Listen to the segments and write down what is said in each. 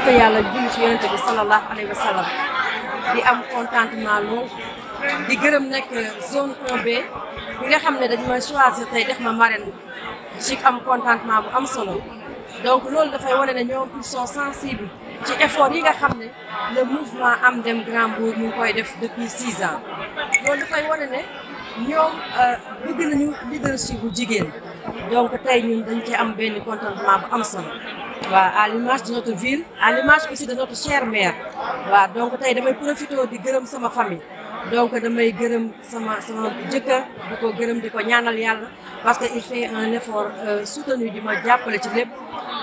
sant yàlla julli ci yonente bi sallallahu alayhi wa sallam di am contentement lool di gërëm nag zone 1B bi nga xam ne dañ ma choisir tey def ma marraine ci am contentement bu am solo donc loolu dafay wane ne ñoom ils sont sensibles ci effort yi nga xam ne le mouvement am dem Grand Mbour ñu ngi koy def depuis six ans loolu dafay wane ne ñoom bëgg nañu leadership bu jigéen donc tey ñun dañ ci am benn contentement bu am solo voilà, à l'image de notre ville à l'image aussi de notre chère mère Voilà, donc je vais profiter di la sama famille donc je vais sama sama jëkkër je ko gërëm di ko parce qu'il fait un effort euh, soutenu di ma jàppale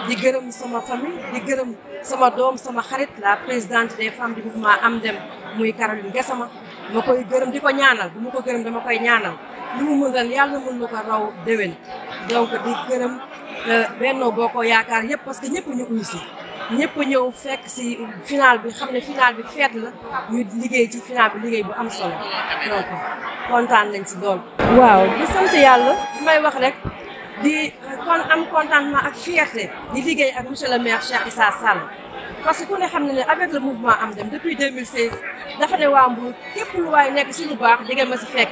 di gërëm sama famille di vais sama dom sama xarit la présidente des femmes du mouvement Amdem, dem Caroline Gassama ma koy gërëm di ko ñaanal bu ma ko gërëm dama koy ñaanal lu mu mënal yàlla mën lu ko raw déwén donc di Euh, Benno boko yaakar yëpp parce que ñëpp ñu ko si ñëpp ñëw fekk si final bi xam ne final bi feet la ñu liggéey ci final bi liggéey bu am solo donc kontaan nañ si lool. waaw di sant yàlla may wax rek di euh, kon am contentement ak fierté di liggéey ak monsieur le maire Cheikh Issa Sall parce que ku ne xam ne avec le mouvement am dem depuis 2016 dafa ne waa Mbour képp lu waay nekk si lu baax di ma si fekk.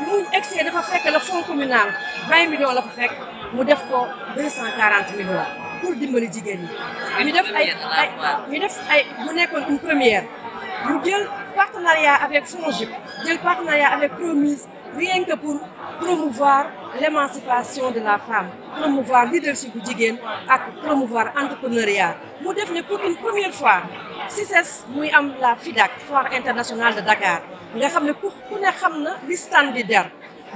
Nous mu dafa fonds communal 20 millions de a fekk mu 240 millions pour dimbali jigéen ñi. ñu def ay une première. un partenariat avec FONGIP un partenariat avec Promise rien que pour promouvoir l'émancipation de la femme promouvoir leadership des jigéen ak promouvoir l'entrepreneuriat. mu def ne pour une première fois c'est la am la FIDAC, foire internationale de Dakar. nga xam ne ku ku ne xam na li stand di der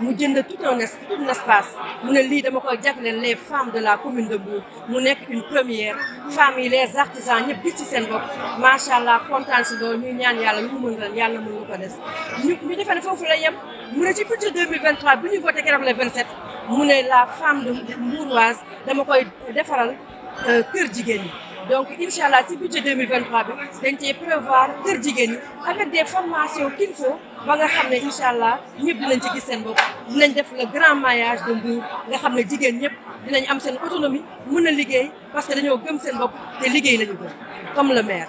mu jënd tout un tout un espace mu ne lii dama koy jagleel les femmes de la commune de Mbour mu nekk une première femmes yi les artisans ñëpp gis ci seen bopp macha allah kontaan si loolu ñuy ñaan yàlla mu mën ren yàlla mu na ko des ñu ñu defee ne foofu la yem mu ne ci budget 2023 bu ñu voté keroog le 27 mu ne la femme de Mbouroise dama koy defaral euh, kër jigéen ñi donc incha allah si budget 2023 bi dañ cee prévoir kër jigéen ñi avec des formation qu'il faut ba nga xam ne incha allah ñëpp dinañ ci gis seen bopp dinañ def le grand maillage de Mbour nga xam ne jigéen ñëpp dinañ am seen autonomie mën a liggéey parce que dañoo gëm seen bopp te liggéey lañu ko comme le maire.